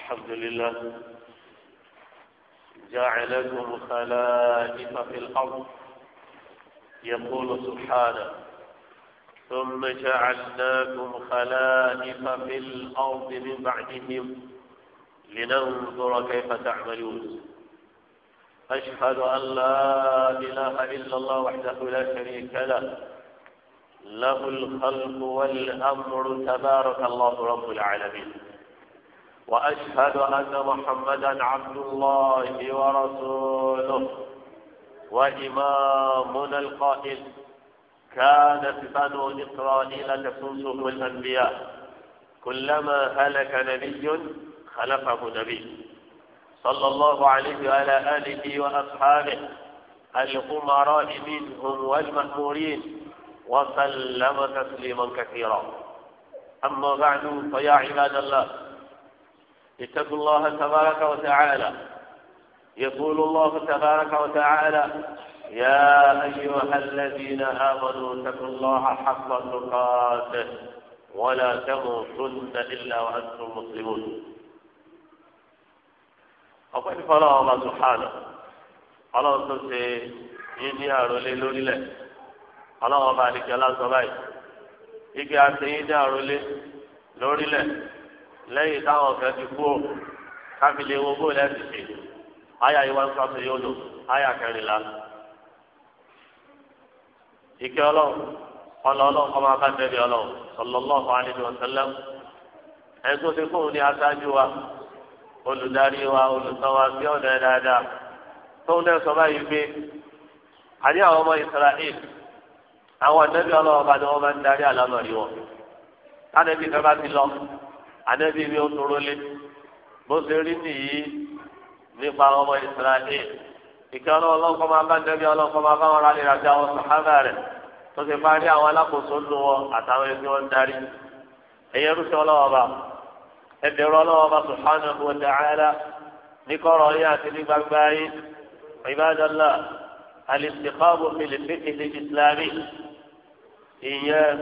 الحمد لله جعلكم خلائف في الأرض يقول سبحانه ثم جعلناكم خلائف في الأرض من بعدهم لننظر كيف تعملون أشهد أن لا إله إلا الله وحده لا شريك له له الخلق والأمر تبارك الله رب العالمين وأشهد أن محمدا عبد الله ورسوله وإمامنا القائل كانت بنو إسرائيل تسوسهم الأنبياء كلما هلك نبي خلفه نبي صلى الله عليه وعلى آله وأصحابه الأمراء منهم والمأمورين وسلم تسليما كثيرا أما بعد فيا عباد الله اتقوا الله تبارك وتعالى يقول الله تبارك وتعالى يا أيها الذين آمنوا اتقوا الله حق تقاته ولا تموتن إلا وأنتم مسلمون ọpẹ́ ní fọlọ ọba sùhánà Ọlọ́run tó ṣe yín ní àròlé lórílẹ̀ Ọlọ́run ọba àdìgbẹ lásán báyìí igi àti yín ní àròlé lórílẹ̀. lẹ́yìn táwọn ọ̀fẹ́ ti kú káfílẹ̀ owó bó lẹ́sìn ṣe àyà yìí wá ń sọ́sọ yóò lò àyà kẹrìnlá. ìkẹ́ ọlọ́run ọlọ́ ọlọ́run kọ́ máa bá tẹ̀lé ọlọ́run sallallahu alaihi wasallam ẹ̀ tó ti kóhun ní aṣáájú wa olùdarí wa olùsọ́wá sí ọ̀dọ̀ dáadáa tóun náà sọ báyìí pé àdé àwọn ọmọ Israel àwọn ànábì ọlọ́wọ́ bá ní wọ́n máa ń darí àlámọ̀rí wọn anabi ni ó tóró lé bó ṣe rí nìyí nípa ọmọ israẹli ìkẹ́ ọlọ́kọ́ máa bá nẹ́bí ọlọ́kọ́ máa bá wọn rálẹ̀ àti àwọn sàhábà rẹ̀ tó ti parí àwọn alákòóso ń lò wọn àtàwọn ẹni wọn ń darí ẹ̀yẹ rúṣẹ́ ọlọ́wọ́ bá ẹ̀bẹ̀rù ọlọ́wọ́ bá subhanahu wa ta'ala ní kọ́rọ̀ yé àti ní gbangba yé ibadallah al-istiqamu fil ìyẹn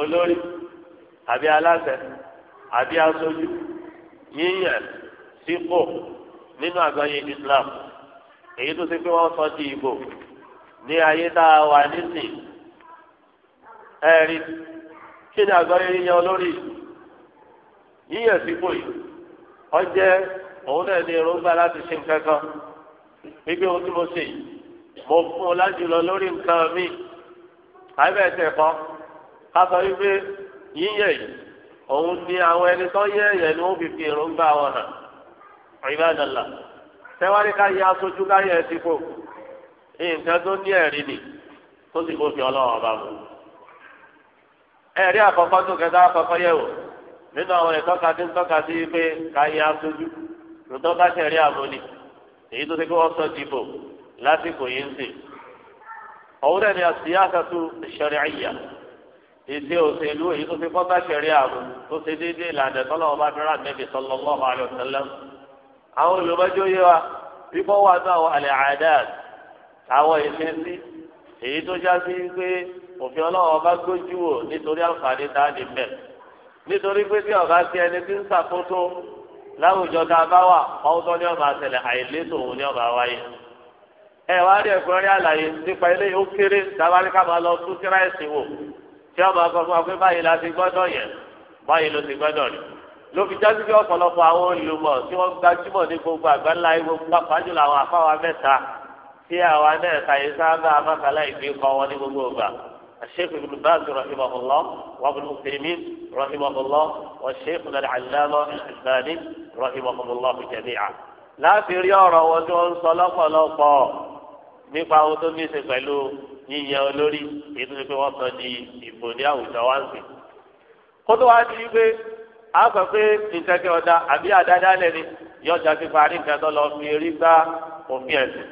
olórí àbí aláṣẹ àbí aṣojú yíyàn sípò nínú àgbáyé Islam èyí tó ṣe pé wọ́n sọ di ìbò ní ayé tá a wà nísìn ẹ̀rí kí ni àgbáyé yíyan olórí yíyàn sípò yìí ó jẹ́ òun náà ní èròǹgbà láti ṣe nǹkan kan gbígbé ohun tí mo ṣe mo fún un lájùlọ lórí nǹkan mi àbẹ̀tẹ̀ kan ká sọ wípé yíyàn yìí òun ni àwọn ẹni tó yẹ ẹ̀yẹ̀ ni wọ́n fi fi èròǹgbà wọn hàn ìbádàlà tẹ́wárí ká yẹ aṣojú ká yẹ ẹtí kò nǹkan tó ní ẹ̀rí nì tó sì kó fi ọlọ́wọ́ bá mu. ẹ̀rí àkọ́kọ́ tó kẹta àkọ́kọ́ yẹ̀ wò nínú àwọn ìtọ́ka tí ń tọ́ka sí pé ká yẹ aṣojú lótọ́ bá ṣẹ̀rí àmúni èyí tó ti kó ọsọ dìbò lásìkò yìí ń sìn. ọ̀hún ẹni àti yá àkàtú ṣẹ̀rí àyà èdè òṣèlú èyí tó fi kọ́ bá ṣẹ̀rí àrùn tó ṣe déédéé ìlànà tọ́lọ́wọ́ bá fẹ́ràn nẹ́bí sallallahu alaihi wasallam. àwọn olùmọ́jọ́ yé wa bíbọ́ wà ní àwọn àlẹ́ àdáàd àwọn ìṣesí èyí tó já sí pé òfin ọlọ́wọ́ bá gbójú wò nítorí àǹfààní tá a lè mẹ́. nítorí pé tí ọ̀gá sí ẹni tí ń ṣàkóso láwùjọ tá a bá wà ọ̀tọ́ ni ọba àtẹlẹ àìlétò òun ni ọba wáyé. ẹ tí ọba sọ fún wa pé báyìí la ti gbọ́dọ̀ yẹn báyìí ló ti gbọ́dọ̀ rí lófi jáde bí ọ̀pọ̀lọpọ̀ àwọn olùmọ̀ tí wọ́n gbajúmọ̀ ní gbogbo àgbáńlá gbogbo pàápàájú làwọn afáwa mẹ́ta tí àwa náà kàyé sáábà amákàlá ìgbé kọ́ wọn ní gbogbo ọgbà الشيخ ابن باز رحمه الله وابن مسلمين رحمه الله والشيخ العلامة الألباني رحمه الله جميعا لا في ريارة وجون صلق لقا نفعه تنسي قلوب yíyan olórí èyí tó ṣe di ìbò ní àwùjọ wá ń wá di wípé a sọ pé ìṣẹ́kẹ́ ọ̀dà àbí àdáda lẹ́ni yọjà ti parí nǹkan tó lọ fi rí gbá òfin ẹ̀sìn.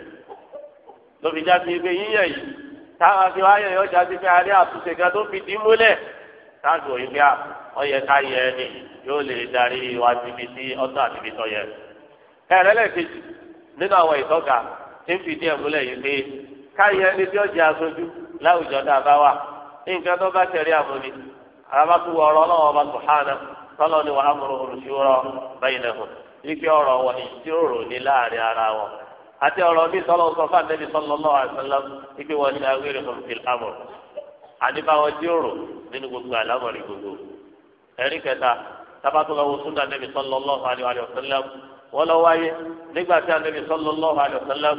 lóbi já sí pé yíyan yìí táwọn fi yọjà a àtúnṣe kan tó fi dín múlẹ̀ táàgì òyìnbí à ọyẹ ká yẹ ẹni yóò lè darí síbi tí yẹ. ẹ̀rẹ́lẹ̀ kejì nínú àwọn káyọ̀ ẹni tí ó jẹ́ aṣojú láwùjọ náà bá wà nǹkan tó bá tẹ̀lé àmúni arábàtú ọ̀rọ̀ ọlọ́wọ́ ọba sùhánà tọ́lọ́ ni wàá múru olùṣúrọ̀ bẹ́yìn lẹ́hùn ike ọ̀rọ̀ wọn ìjíròrò ní láàrin ara wọn àti ọ̀rọ̀ mi tọ́lọ́ sọ fún àtẹ́bí sallallahu alaihi wasallam ike wọn ni awéré fún fil amr àdìbáwọ̀ jíròrò nínú gbogbo àlámọ̀rí gbogbo ẹ̀rí kẹta tabatulawo sunna nabi sallallahu alaihi wasallam wọ́n lọ wáyé nígbà tí anabi sallallahu alaihi wasallam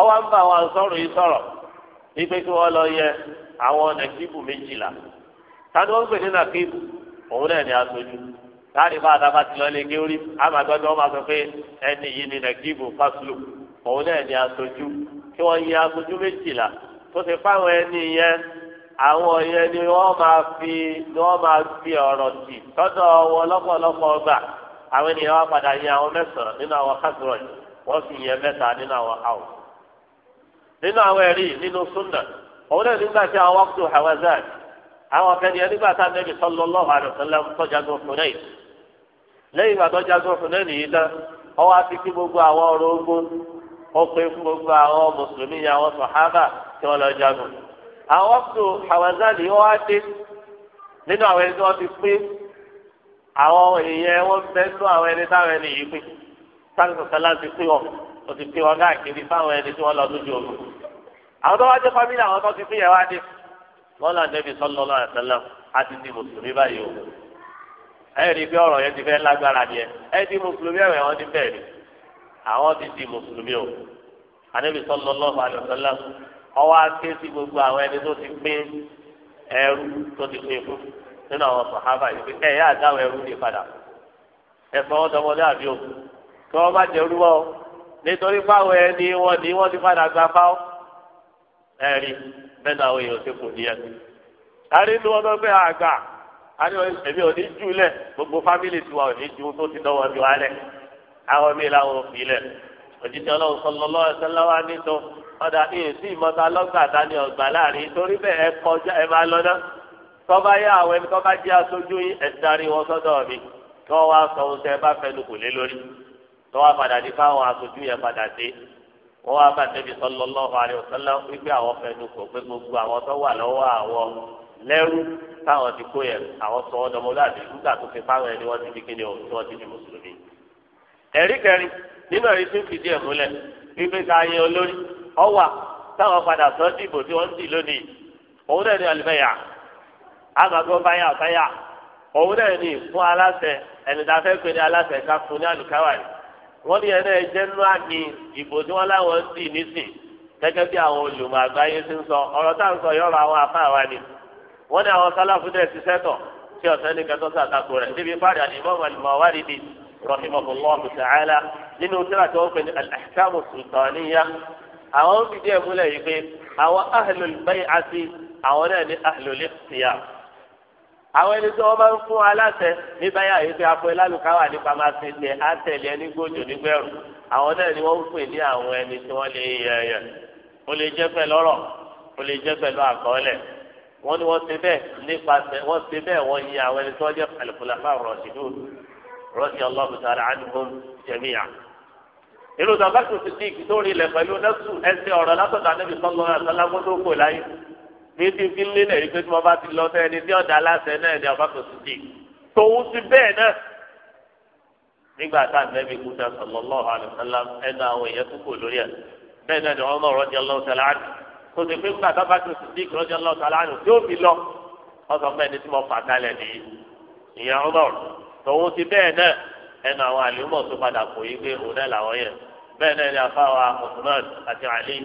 ọwọ́ ń bá àwọn sọ̀rọ̀ yìí sọ̀rọ̀ kí wọ́n lọ yẹ àwọn méjìlá tani wọ́n ń pè ní òun náà ni aṣojú láti bá ti wọn máa sọ pé ẹni yìí ni nàkíbù fásilù òun náà ni aṣojú kí wọ́n yẹ aṣojú méjìlá tó ti fáwọn ẹni yẹn àwọn yẹn ni wọ́n máa fi ni wọ́n máa fi ọ̀rọ̀ lọ́pọ̀lọpọ̀ ọgbà àwọn ènìyàn padà yẹ àwọn mẹ́sàn-án nínú nínú àwọn ẹ̀rí nínú súnà òun náà nígbà tí àwọn wákùtù hawazan àwọn kẹni nígbà tá nẹbi sallallahu alaihi wasallam tọjagun Hunain lẹ́yìn ìgbà tọjagun Hunain nìyí tán ọwọ́ àti kí gbogbo àwọn ọ̀rọ̀ ogun ó pé fún gbogbo àwọn mùsùlùmí yẹn àwọn tí wọ́n lọ jagun àwọn wákùtù yìí wọ́n á dé nínú àwọn ti àwọn o ti pé wọn káàkiri fáwọn ẹni tí wọn lọ lójú ogun àwọn tó wá jẹ fámìlì àwọn tó ti fi yẹn wá dé wọn là nẹbi sọlọ lọ àtẹlẹ àti di mùsùlùmí báyìí o ẹ rí i pé ọ̀rọ̀ yẹn ti fẹ́ lágbára ni ẹ ẹ di mùsùlùmí ẹwẹ wọn ti bẹ́ẹ̀ ni àwọn ti di mùsùlùmí o ànẹbi sọlọ lọ àtẹlẹ ọwọ́ aké sí gbogbo àwọn ẹni tó ti pín ẹrú tó ti pín fún nínú àwọn sọhábà yìí pé ẹ àdáwọ ẹrú ní padà ẹ sọ wọn dọmọdé àbí o kí nítorí fáwọn ẹni wọn ni wọn ti padà gba fáwọn ẹrí bẹ́ẹ̀ náà àwọn èèyàn ti kù ní ẹni. arínú ọdọ pé àgbà àríwá èmi ò ní jù lẹ gbogbo fámìlì tiwa ò ní jù tó ti dánwò mi wá lẹ àwọn mi làwọn ò fi lẹ òjijì Ọlọ́run sọlọ lọrọ sẹlẹ wa nítọ ọdà ìyẹn sí ìmọta lọgbà dání ọgbà láàrin torí bẹ́ẹ̀ ẹ kọjá ẹ máa lọ tọ́wọ́ padà di fáwọn aṣojú yẹn padà dé wọ́n wá bá Ànábì sallallahu alaihi wasallam wípé àwọn fẹ́ẹ́ dúkọ̀ pé gbogbo àwọn tó wà lọ́wọ́ àwọn lẹ́rú táwọn ti kó yẹn àwọn sọ wọn dọmọlúwàbí nígbà tó fi fáwọn ẹni wọ́n ti di kíni o tí wọ́n ti di mùsùlùmí. ẹ̀rí kẹrin nínú ẹ̀rí tó fìdí ẹ̀ múlẹ̀ wípé ká yẹ olórí ọwà táwọn padà sọ dìbò tí wọ́n ń lónìí òun náà ní àlùbẹ́yà àgbàgbọ́ báyà báyà òun náà ní fún aláṣẹ ẹni tá ní aláṣẹ ká fún ní àlùkáwàrí wọ́n ní ẹ̀rẹ́ ẹ̀jẹ̀ nínú àmì ìbò tí wọ́n láwọn ń dì nísìn gẹ́gẹ́ bí àwọn olùmọ̀ àgbáyé ti ń sọ ọ̀rọ̀ tá à ń sọ yọ̀rọ̀ àwọn afá wa ni wọ́n ní àwọn sálàfù dẹ̀ ti sẹ́tọ̀ tí ọ̀sẹ̀ ní kẹtọ́ sàtàkù rẹ̀ níbi fàdà ní Imam al-Mawardi rahimahullahu ta'ala nínú tíra tí àwọn ẹni tí wọn bá ń fún aláṣẹ nígbà yà yìí pé afọ ìlàlùkà wà nípa máa ṣe tiẹ á tẹlẹ ní gbòjò nígbẹrù àwọn náà ni wọn ń pè ní àwọn ẹni tí wọn lè yẹ ẹyẹ ó lè jẹ pẹ̀lú ọ̀rọ̀ ó lè jẹ pẹ̀lú àkọọ́lẹ̀ wọn ni wọn ṣe bẹ́ẹ̀ nípasẹ̀ wọn ṣe bẹ́ẹ̀ wọn yin àwọn ẹni tí wọn jẹ àlùfọlàfà rọṣìdù rọṣì ọlọmọdàrà àdìgún jẹmíà ìlú tàbátù ti dì ní ti fi lélẹ̀ yìí pé tí wọ́n bá ti lọ sẹ́ ẹni tí ọ̀dà aláṣẹ náà ni ọba tó ti dì tòun ti bẹ́ẹ̀ náà. nígbà tá ànábì kú ta sallallahu alaihi wasallam ẹnu àwọn èèyàn tó kù lórí ẹ̀ bẹ́ẹ̀ náà ni wọ́n náà radiyallahu ta'ala anhu kò sì pé nígbà tábà tó Siddiq radiyallahu ta'ala anhu tí ó fi lọ wọ́n sọ pé ẹni tí mo fà kalẹ̀ ní ìyẹn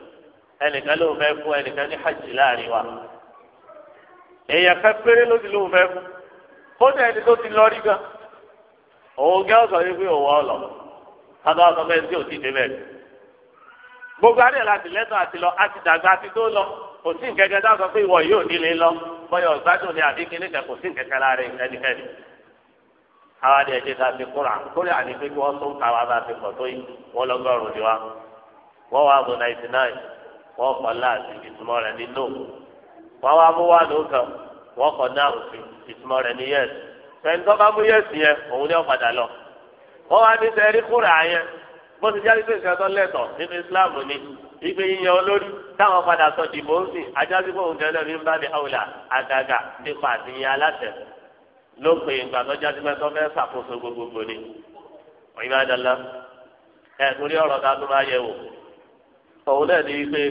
ẹnìkan ló fẹ́ fún ẹnìkan ní hajj láàrin wa èèyàn kan péré ló ti ló fẹ́ fún kódà ẹni tó ti lọ rí gan òun gẹ́ ọ̀sán yìí pé òun ọ̀lọ́ kábà ọ̀sán bẹ́ẹ̀ tí ò ti dé bẹ́ẹ̀ gbogbo àdé láti lẹ́tọ̀ àti lọ àti dàgbà àti tó lọ kò sí nkẹ́kẹ́ dáhùn sọ pé ìwọ yóò nílé lọ bọ́yọ̀ ọ̀gbádùn ni àbí kíní kan kò sí nkẹ́kẹ́ láàrin ẹnikẹ́ni àwọn àdé ẹ̀jẹ̀ ta ti kúrà kórè àní pé kí wọ́n tún káwa bá ti pọ̀ tó yìí wọ́n lọ́gọ́rùn-ún ni wa wọ́n wà bọ̀ náìtì náìtì wọ́n kọ́ láti ìtumọ̀ rẹ̀ ní no wọ́n wá mú wá lóòótọ́ wọ́n kọ́ náà ìtumọ̀ rẹ̀ ní yes bá mú yes yẹn òun lọ wọ́n wá ní sẹ́rí bó ti ni ìgbé yíyan olórí táwọn padà sọ dìbò ń sìn ajásí òun bá mi àgàgà nípa òun náà ní pé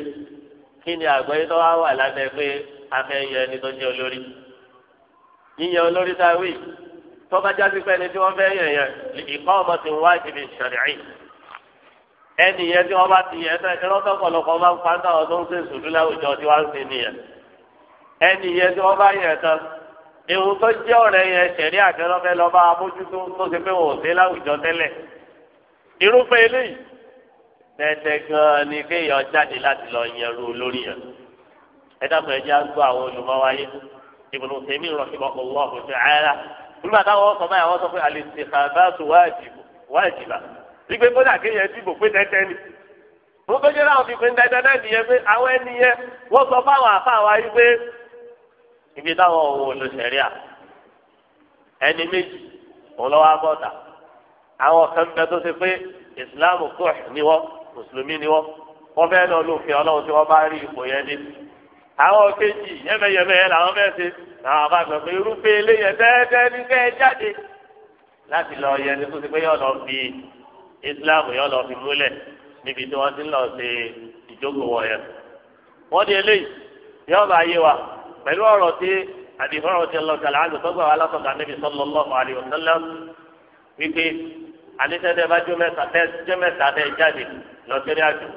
kí ni àgbáyé tó wá wà lábẹ́ pé afẹ́yẹ ẹni tó jẹ́ olórí yíyan olórí táwí tó bá jáde pé ẹni tí wọ́n fẹ́ yẹn yẹn ìkọ́ ọmọ ti wá ìdìbò ìṣẹ̀lẹ̀ ẹni yẹn tí wọ́n bá ti yẹn náà ẹ̀rọ tọ̀pọ̀lọpọ̀ máa ń pa náà ọdún tó ń sùn lórí àwùjọ tí wọ́n ń sin nìyẹn ẹni yẹn tí wọ́n bá yẹn tán ìwọ̀n tó jẹ́ ọ̀rẹ́ yẹn ṣẹ̀rí àtẹ́lọ́fẹ́ lọ́ba abójútó tó ṣe pé wọ́n ò sí láwùjọ tẹ́lẹ̀ irúfẹ́ eléyìí tẹ́tẹ́ gan-an ni kéèyàn jáde láti lọ yẹru olórí yẹn ẹ dábàá ẹ jẹ́ àgbọ̀ àwọn olùmọ̀wáyé Ibn Taymiyyah rahimahullahu ta'ala nígbà táwọn sọ báyìí àwọn sọ pé al-intikhabatu wajiba ìgbé kódà kéèyàn dìbò pé tẹ́tẹ́ ni mo fẹ́ jẹ́ láwọn fífi dandan náà nìyẹn pé àwọn ẹni yẹn wọ́n sọ fáwọn àfáàwá yìí pé ibi táwọn òun ò lọ sẹ̀ríà ẹni méjì òun lọ́wọ́ abọ́ta àwọn kan bẹ tó ṣe pé ìsìláàmù kúrò ní wọ́n mùsùlùmí ni wọ́n wọ́n fẹ́ lọ lófin ọlọ́run tí wọ́n bá rí ipò yẹn ní. àwọn kejì yẹmẹyẹmẹ yẹn làwọn fẹ́ ṣe làwọn bá gbọ́ pé irúfẹ́ eléyẹ tẹ́tẹ́ ní fẹ́ jáde láti lọ yẹ ní kóso pé yọ lọ fi Islam yọ lọ fi múlẹ̀ níbi tí wọ́n ti ń lọ ṣe ìjókòó yẹn. wọ́n di eléyìí yọ bá yé wa pẹ̀lú ọ̀rọ̀ tí àdìfọ́rọ̀ ti lọ sàlẹ̀ tó gbà wá látọ̀dọ̀ àníṣẹ́dẹ́ bá jó mẹ́ta tẹ́ jó mẹ́ta tẹ́ jáde lọ sórí àjò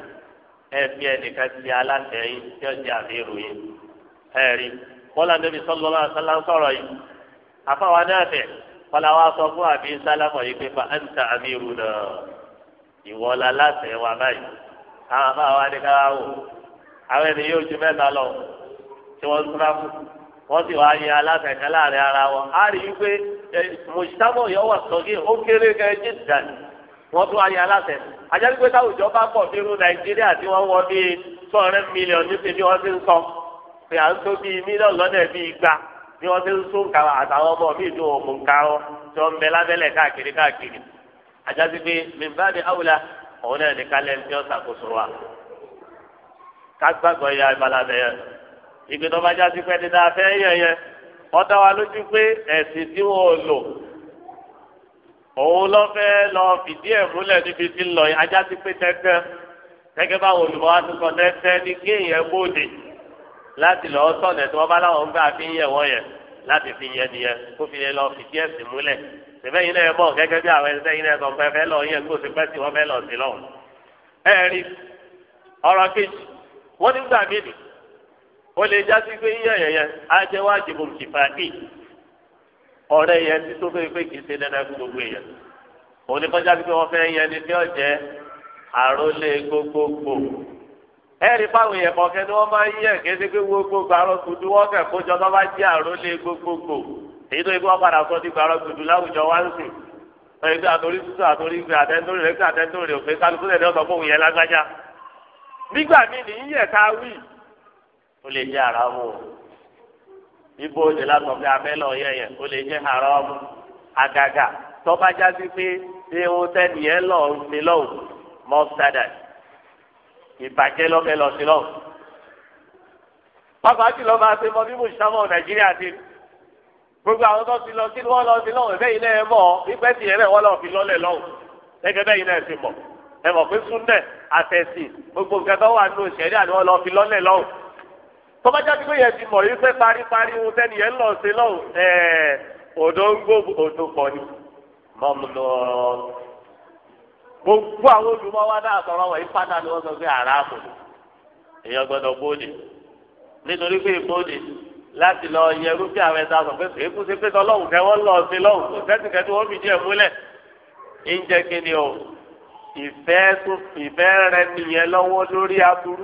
ẹ fi ẹnìkan ti aláṣẹ yín tí ó di àmì ìròyìn ẹ rí bọ́lá níbi sọ́lọ́ náà sálá ń sọ̀rọ̀ yìí àfáwa náà fẹ̀ kọ́lá wa sọ fún àbí sálámọ̀ yìí pé fa ẹ̀ǹtà àmì ìrù náà ìwọ la láṣẹ wa báyìí àwọn àfáwa ní káwá wò àwọn ènìyàn ojú mẹ́ta lọ tí wọ́n ń fún wọ́n sì wá yẹ aláṣẹ kan láàrin ara wọn á rí i pé mùsùlùmọ́ yọ wà sọ́gí ó kéré gan jí dàn wọ́n tún ayé aláṣẹ. àjẹ́rí pé táwùjọ bá pọ̀ bí irú nàìjíríà tí wọ́n wọ bíi two hundred million níbi bí wọ́n ti ń sọ pé à ń tó bíi mílíọ̀nù lọ́nà bíi igba bí wọ́n ti ń sún kàwá àtàwọn ọmọ mi dùn òmù nkàwọ́ tí wọ́n ń bẹ lábẹ́lẹ̀ káàkiri káàkiri. àjẹ́rí pé mìbáde awùlà òun náà ní kálẹ̀ ní ọ̀sàkóso wa. ká gbàgbọ́ ya ìbálàbẹ̀ yẹn ìgbìtọ́ ọ̀dà wa lójú pé ẹ̀sìn tí wọ́n lò òun lọ fẹ́ lọ fìdí ẹ̀ múlẹ̀ níbi tí ń lọ yìí ajá ti pé tẹ́tẹ́ gẹ́gẹ́ báwọn olùkọ́ wa ti sọ tẹ́tẹ́ ní kéèyàn bóde láti lọ́ọ́ sọ̀nà tí wọ́n bá láwọn gbà fi ń yẹ̀ wọ́n yẹn láti fi yẹ nìyẹn kó fi lè lọ fìdí ẹ̀sìn múlẹ̀ tẹ̀fẹ́ yìí náà mọ̀ gẹ́gẹ́ bí àwọn ẹ̀sẹ̀ yìí náà sọ pé fẹ́ lọ yẹn kó ti pẹ́ sí wọ́n fẹ́ lọ sí lọ́wọ́ ẹ̀rí ọ̀rọ̀ kejì wọ́n nígbà míì ó lè já sí pé yíyàn yẹn yẹn á jẹ́ wájibu kìfàkì ọ̀rẹ́ yẹn tí tó fẹ́ pé kì í ṣe dandan fún gbogbo èèyàn òun ni kọjá sí pé wọ́n fẹ́ yẹn ni tí ó àrólé gbogbogbò ẹ̀rí fáwọn èèyàn kọ̀ọ̀kẹ́ ni wọ́n máa ń yẹ̀ kéde pé gbogbogbò arọ́kùdú wọ́n kẹ̀ kójọ tó bá jẹ́ àrólé gbogbogbò èyí tó yẹ kí wọ́n padà sọ láwùjọ wá ń sìn àtòrí sísọ àtòrí gbé gbé ó lè jẹ́ àràmù ibo òde látọ̀ pé abẹ́lẹ̀ ọ̀yẹ̀yẹ̀ ó lè jẹ́ àràmù àgàgà tọ́ba jáde pé ihun tẹ́niyẹn lọ sí lọ́wọ́ mọ́sádà ìbàjẹ́ lọ́fẹ́ lọ sí lọ́wọ́ pápá tí lọ́ba ṣe mọ bí mùsùlùmọ́ nàìjíríà ti gbogbo àwọn tó ti lọ kí wọ́n lọ sí lọ́wọ́ ẹ̀fẹ́ yìí náà ẹ̀ mọ̀ pípẹ́ tìyẹn náà wọ́n lọ fi lọ́lẹ̀ lọ́wọ́ gẹ́gẹ́ bẹ́ẹ̀ yìí náà ti mọ̀ ẹ̀ mọ̀ pé súnẹ̀ àtẹ̀sìn gbogbo nǹkan tó wà nínú ìṣẹ̀lẹ̀ àni wọ́n lọ fi lọ́lẹ̀ lọ́wọ́ tọ́ba jáde pé yẹn ti mọ̀ yìí fẹ́ paríparí ohun sẹ́ni yẹn lọ sí lọ́wọ́ ẹ̀ẹ́ odò ń gbó odò pọ̀ ni mọ́múlò gbogbo àwọn olùmọ̀wá náà sọ̀rọ̀ wọ̀nyí pátá ni wọ́n sọ pé àràmù èèyàn gbọ́dọ̀ bóde nítorí pé bóde láti lọ yẹ rúfẹ́ àwọn ẹ̀dá sọ pé èkú ṣe pé tọ́lọ́hùn kẹ́ wọ́n lọ sí lọ́hùn kò sẹ́tìkẹ́tì wọ́n fi díẹ̀ múlẹ̀ ń jẹ́ ìfẹ́ rẹ nìyẹn lọ́wọ́ lórí aburú.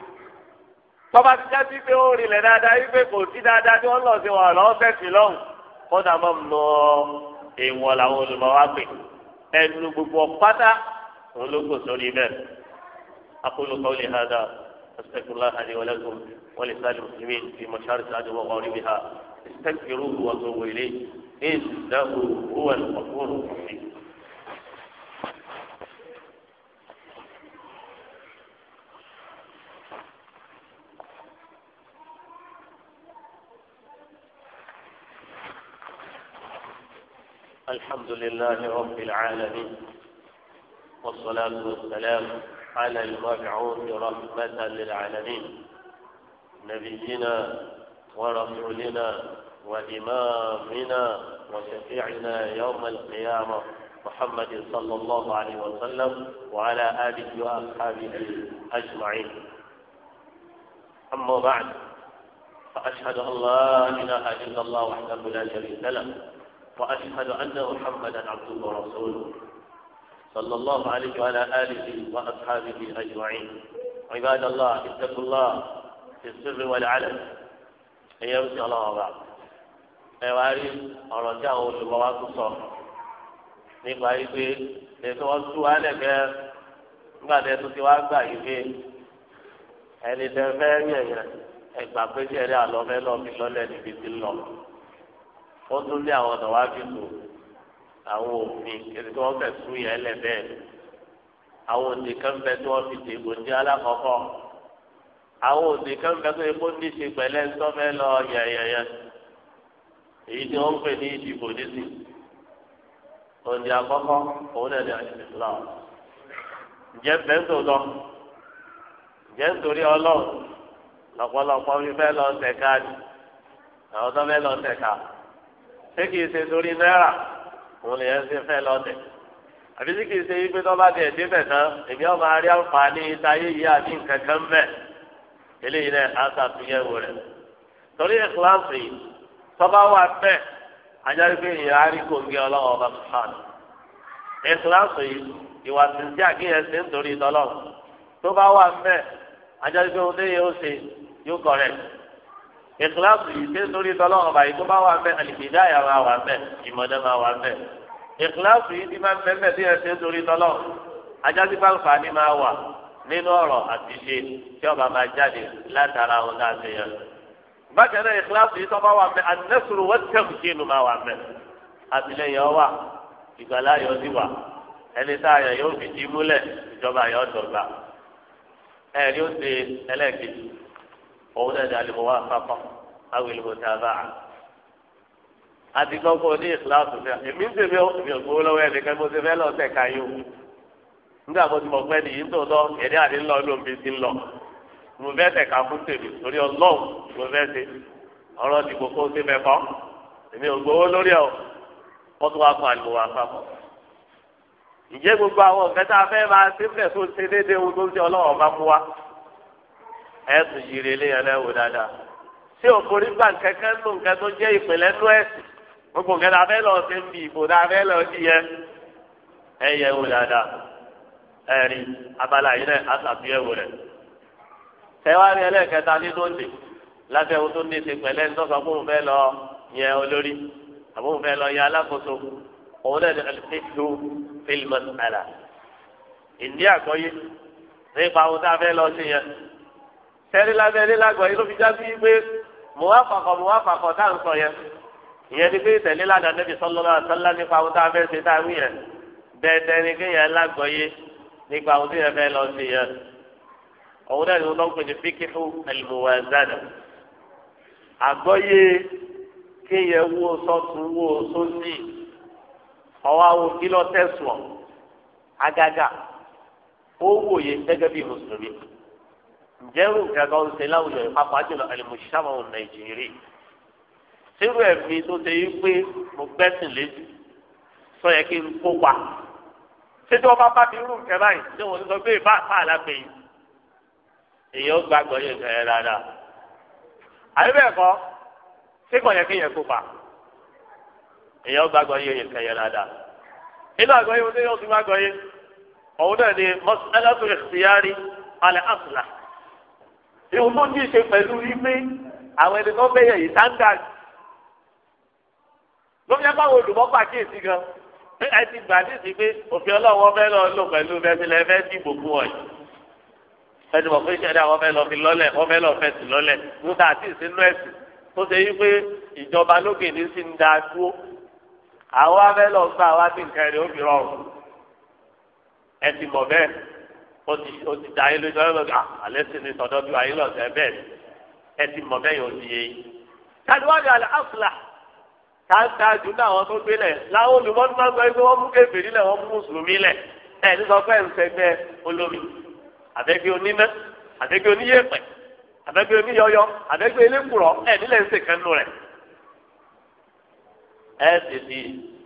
tọ́ba ti jáde pé ó rinlẹ̀ dáadáa wípé kò sí dáadáa tí wọ́n lọ sí wọn lọ́wọ́ fẹ̀sì lọ́hùn kọ́dà mọ́ mi lọ èèwọ̀ làwọn olùmọ̀ wá pè ẹnu gbogbo ọ̀pátá òun ló kò sórí bẹ́ẹ̀. أقول قولي هذا أستغفر الله لي ولكم ولسائر المسلمين في مشارق الأرض ومغاربها استغفروه وتوبوا إليه إنه هو الغفور الرحيم الحمد لله رب العالمين والصلاة والسلام على المبعوث رحمة للعالمين نبينا ورسولنا وإمامنا وشفيعنا يوم القيامة محمد صلى الله عليه وسلم وعلى آله وأصحابه أجمعين أما بعد فأشهد أن لا إله إلا الله وحده لا شريك له وأشهد أن محمدا عبده ورسوله صلى الله عليه وعلى آله وأصحابه أجمعين عباد الله اتقوا الله في السر والعلن أي رسي الله بعد ẹwàárí ọ̀rọ̀ tí àwọn olùkọ́ wa tún sọ nípa ife ètò wọn tú wa lẹ́gbẹ́ nígbà tí ẹtún ti wá gbà ife ẹni tẹ fẹ́ yẹ̀yẹ̀ ẹgbà pé tí ẹni àlọ́ fẹ́ lọ́ọ́ fi lọ́lẹ̀ níbi tí ń lọ. ó tún lé àwọn ọ̀dọ̀ wá fi tò àwọn òfin kí wọ́n fẹ́ sún yẹn lẹ̀ àwọn òde kan bẹ tí wọ́n fi tè gbòdì alákọ̀ọ́kọ́ àwọn òde kan tó ní pẹ̀lẹ́ sọ́fẹ́ lọ yẹ̀yẹ̀yẹ̀ èyí wọ́n pè ní ìdìbò nísìn òde àkọ́kọ́ òun náà ní àṣìṣe ǹjẹ́ bẹ́ẹ̀ ṣé kìí ṣe torí náírà òun lè yẹn ṣe fẹ́ lọ́dẹ̀ àbí sí kìí ṣe yí pé tọ́ba dẹ̀ débẹ̀ tán èmi ọmọ arí àǹfààní táyé yìí àti nǹkan kan bẹ̀ eléyìí náà á ṣàtúnyẹ̀wò rẹ̀ torí ìkíláàsì tọ́ba wà bẹ́ẹ̀ ajáde pé ìyá aríkò ń gé ọlọ́wọ́ ọba sùhàn ìkíláàsì ìwà tìǹtì àkíyèsí nítorí ìtọ́lọ́ tó bá wà bẹ́ẹ̀ ajáde pé òun ìkíláàsì yìí ṣe sórí tọ́lọ́run báyìí tó bá wà bẹ́ẹ̀ àlìkìdá yà máa wà bẹ́ẹ̀ ìmọ̀dé máa wà bẹ́ẹ̀ ìkíláàsì yìí ti máa bẹ́ẹ̀ bẹ́ẹ̀ tí yẹn ṣe sórí tọ́lọ́run ajásí pàǹfààní máa wà nínú ọ̀rọ̀ àti ṣe tí ọba máa jáde látara ohun náà ṣe yẹn. bákan náà ìkíláàsì yìí tó bá wà bẹ́ẹ̀ àdínẹ́sùrù wọ́n tẹ̀kù kí inú máa wà bẹ́ẹ̀ àtìlẹyìn ọwà ìgbàlá yọ sí wà ẹni tá yóò fi ti múlẹ̀ ìjọba yọ òun náà ní alìmọ̀wá àpapọ̀ àwọn ìlú tí a bá a. àti kọ́kọ́ ní ìsìláàtù náà èmi ń tèmi òbí ògbówó lọ́wọ́ ẹnìkan mo ti fẹ́ lọ sẹ̀ ká yó. nígbà mo ti mọ̀ pé nìyí tó lọ ẹ̀dí àti ńlọ ló ń bi ti ńlọ. mo fẹ́ sẹ̀ ká fún tèmi torí ọlọ́run mo fẹ́ ṣe ọ̀rọ̀ ti gbogbo ṣe mẹ́kọ́ èmi ògbówó lórí ọ̀ ẹ̀sùn yìí rẹ̀ léyìn ẹlẹ́wò dáadáa ṣé òkúri gbà kẹ́kẹ́ nù nǹkan tó jẹ́ ìpìlẹ̀ nú ẹ̀sìn gbogbo nǹkan tá a fẹ́ lọ ṣe ń bi ìbò tá a fẹ́ lọ sí yẹn ẹ yẹ wò dáadáa ẹ̀rí abala yìí náà aṣàfihàn wò rẹ̀ tẹ́wárí ẹlẹ́kẹta nínú òde lábẹ́ ohun tó ní ti pẹ̀lẹ́ ń tọ́ka bóun fẹ́ lọ yẹ olórí àbóun fẹ́ lọ yẹ alákòóso òun náà ní alifíṣu fílmù àlà tẹ́lẹ̀ lábẹ́lẹ́ lágbọ̀n yìí ló fi já sí pé mùwáfàkọ̀ mùwáfàkọ̀ tá à ń sọ yẹn ìyẹn ni pé tẹ̀lé ládàá nẹ́bí sọ́lọ́lá sọ́lá nípa ohun tá a fẹ́ ṣe tá a wí yẹn dẹ́ẹ̀dẹ́ ni kéèyàn lágbọ̀n yé nípa ohun tí yẹn fẹ́ lọ sí yẹn òun náà ni wọn pè ní fíkìfù àlùmọ̀wàzánà àgbọ́yé kéèyàn wo sọ́tún wo sósì ọwọ́ àwọn kìlọ̀ tẹ̀sùn àgàgà ó wòye gẹ́gẹ́ bí mùsùlùmí ǹjẹ́ irú nǹkan kan ń ṣe láwùjọ ìpapọ̀ àjùlọ àlùmọ̀ṣáwọ̀ nàìjíríì sírú ẹ̀mí tó ṣe yí pé mo gbẹ́sìn létí sọ yẹ kí n kópa ṣé tí wọ́n bá bá mi irú nǹkan báyìí ṣé wọ́n ti sọ pé ìbá àpá àlápẹ̀ yìí èyí ó gbàgbọ́ yóò fẹ́ dáadáa àbí bẹ́ẹ̀ kọ́ ṣé kò yẹ kí yẹ kópa èyí ó gbàgbọ́ yóò fẹ́ yẹ dáadáa inú àgbọ̀yé wọn ni yóò tún gbàgbọ́ yé òun náà ni mọ́sálásù èwo tó ní í pẹ̀lú wípé àwọn ẹni tó bẹ̀yẹ̀ yìí standard lómi ẹ báwo olùmọ́ pàkíyèsí gan pé ẹ ti gbà ní ìsìn pé òfin ọlọ́wọ́ fẹ́ lọ lò pẹ̀lú bẹ́sílẹ̀ fẹ́ sí gbogbo ọ̀yìn ẹni wọ́n fẹ́ ṣẹ̀dá wọ́n fẹ́ lọ fi lọ́lẹ̀ lọ́lẹ̀ nígbà tí ìsínú ẹ̀sìn tó ṣe yí pé ìjọba lókè ní sí ń da dúró àwọn afẹ́ lọ gbà nǹkan ẹ̀rẹ́ ó fi rọrùn ẹ ti bẹ́ẹ̀ ó ti ó ti da ayélujára ọ̀rọ̀ lọ́gà alẹ́ sì ni sọ̀dọ̀ bí ayé lọ́sẹ̀ bẹ́ẹ̀ ẹ ti mọ̀ bẹ́ẹ̀ yóò di yé yín. kàdúwàdì àlẹ́ àfúlà káàkáàdù náà wọn tó gbé lẹ̀ láwọn olùmọ́tò máa ń gbọ́ pé wọ́n mú kébèrè lẹ̀ wọ́n mú mùsùlùmí lẹ̀ ẹ̀ ní sọ pé ǹsẹ̀gbẹ́ olómi àbẹ́gbẹ́ onímẹ́ àbẹ́gbẹ́ oníyẹ̀pẹ̀ àbẹ́gbẹ́ oníyọyọ àbẹ́gbẹ́ elékùrọ̀ ẹ̀ nílẹ̀ ń sèkán nù rẹ̀ ẹ̀ sì di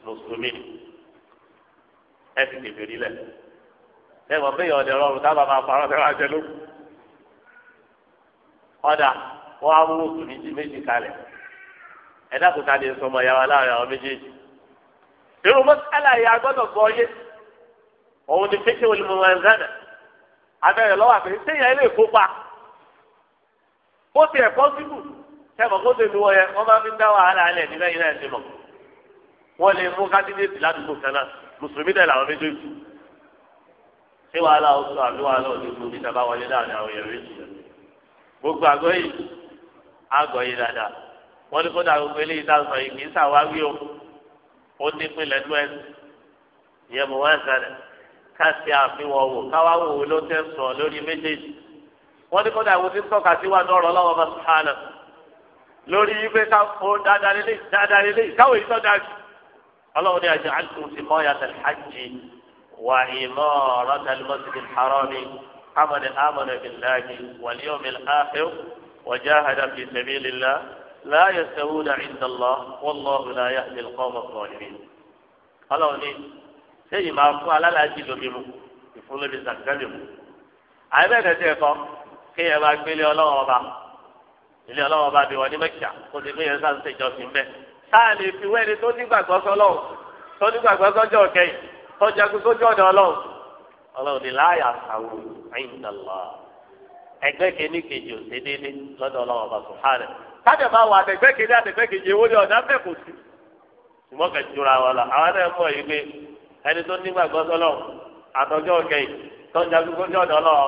mùsùlùmí ẹ̀ sì kébèrè lẹ̀. lẹ́gbọ̀n bẹ́ẹ̀ ọ̀dẹ̀ ọlọ́run tábà máa parọ́ fẹ́ wá jẹ lóko. ọ̀dà wọ́n á mú oṣù méjì méjì kalẹ̀ ẹ̀dá kò tàbí sọmọ ìyá wa láàrin àwọn méjèèjì. irú mọ́sálà yìí agbọ́dọ̀ gbọ́ yé òun ni fíkì wọlé mọ́ abẹ́rẹ́ lọ́wọ́ àpè séyìn ilé ìkópa ó ẹ̀kọ́ síbù sẹ́mọ̀ kó tèmi wọ yẹ wọ́n máa fi ń dá wàhálà tí wàhálà oṣù àbí wàhálà òde kú ní sábà wọlé dáadáa òye rí sí i gbogbo àgọ́ yìí àgọ́ yìí dáadáa wọ́n ní kódà gbogbo eléyìí tá a sọ yìí kì í sàwáwí o ó ní pinlẹ̀ nú ẹni ìyẹn mo wá ń sáré ká ṣe àfihàn wò káwá wò ló tẹ́ sọ lórí méjèèjì wọ́n ní kódà àwọn tí tọ́ka sí wà lọ́rọ̀ lọ́wọ́ bá sùhánà lórí yìí pé ká dáadáa lélẹ́yìí dáadáa lélẹ́yìí káwé ìtọ́jà وإمارة المسجد الحرام فمن آمن بالله واليوم الآخر وجاهد في سبيل الله لا يستوون عند الله والله لا يهدي القوم الظالمين ọlọ́run ní sẹ́yìn máa fún alálàájì lómi mu ìfúnlómi sàkẹ́lì mu àìbẹ́ẹ̀kẹ́sì ẹ̀kọ́ kéèyàn bá gbélé ọlọ́run ọba ilé ọlọ́run ọba bí wọn ní mẹ́kíà kó ti gbéyàn sáà ń ṣèjọsìn bẹ́ẹ̀ sáà lè fi wẹ́ni tó nígbàgbọ́ sọlọ́run tó nígbàgbọ́ sọ́jọ́ kẹ́yìn tọ́jagun sójú ọ̀dọ̀ ọlọ́run ọlọ́run ní láàyà sàwò ẹ̀yìndàlá ẹgbẹ́ kìíní kejì ò sí déédé lọ́dọ̀ ọlọ́run ọba sùhánẹ̀ kájọ máa wà àtẹ̀gbẹ́ kìíní àtẹ̀gbẹ́ kejì owó ní ọ̀dà bẹ́ẹ̀ kò sí ṣùgbọ́n kẹ̀ jura wọn lọ àwọn náà mọ̀ yìí pé ẹni tó nígbàgbọ́ sọ́lọ́ àtọ́jọ́ kẹyìn tọ́jagun sójú ọ̀dọ̀ ọlọ́run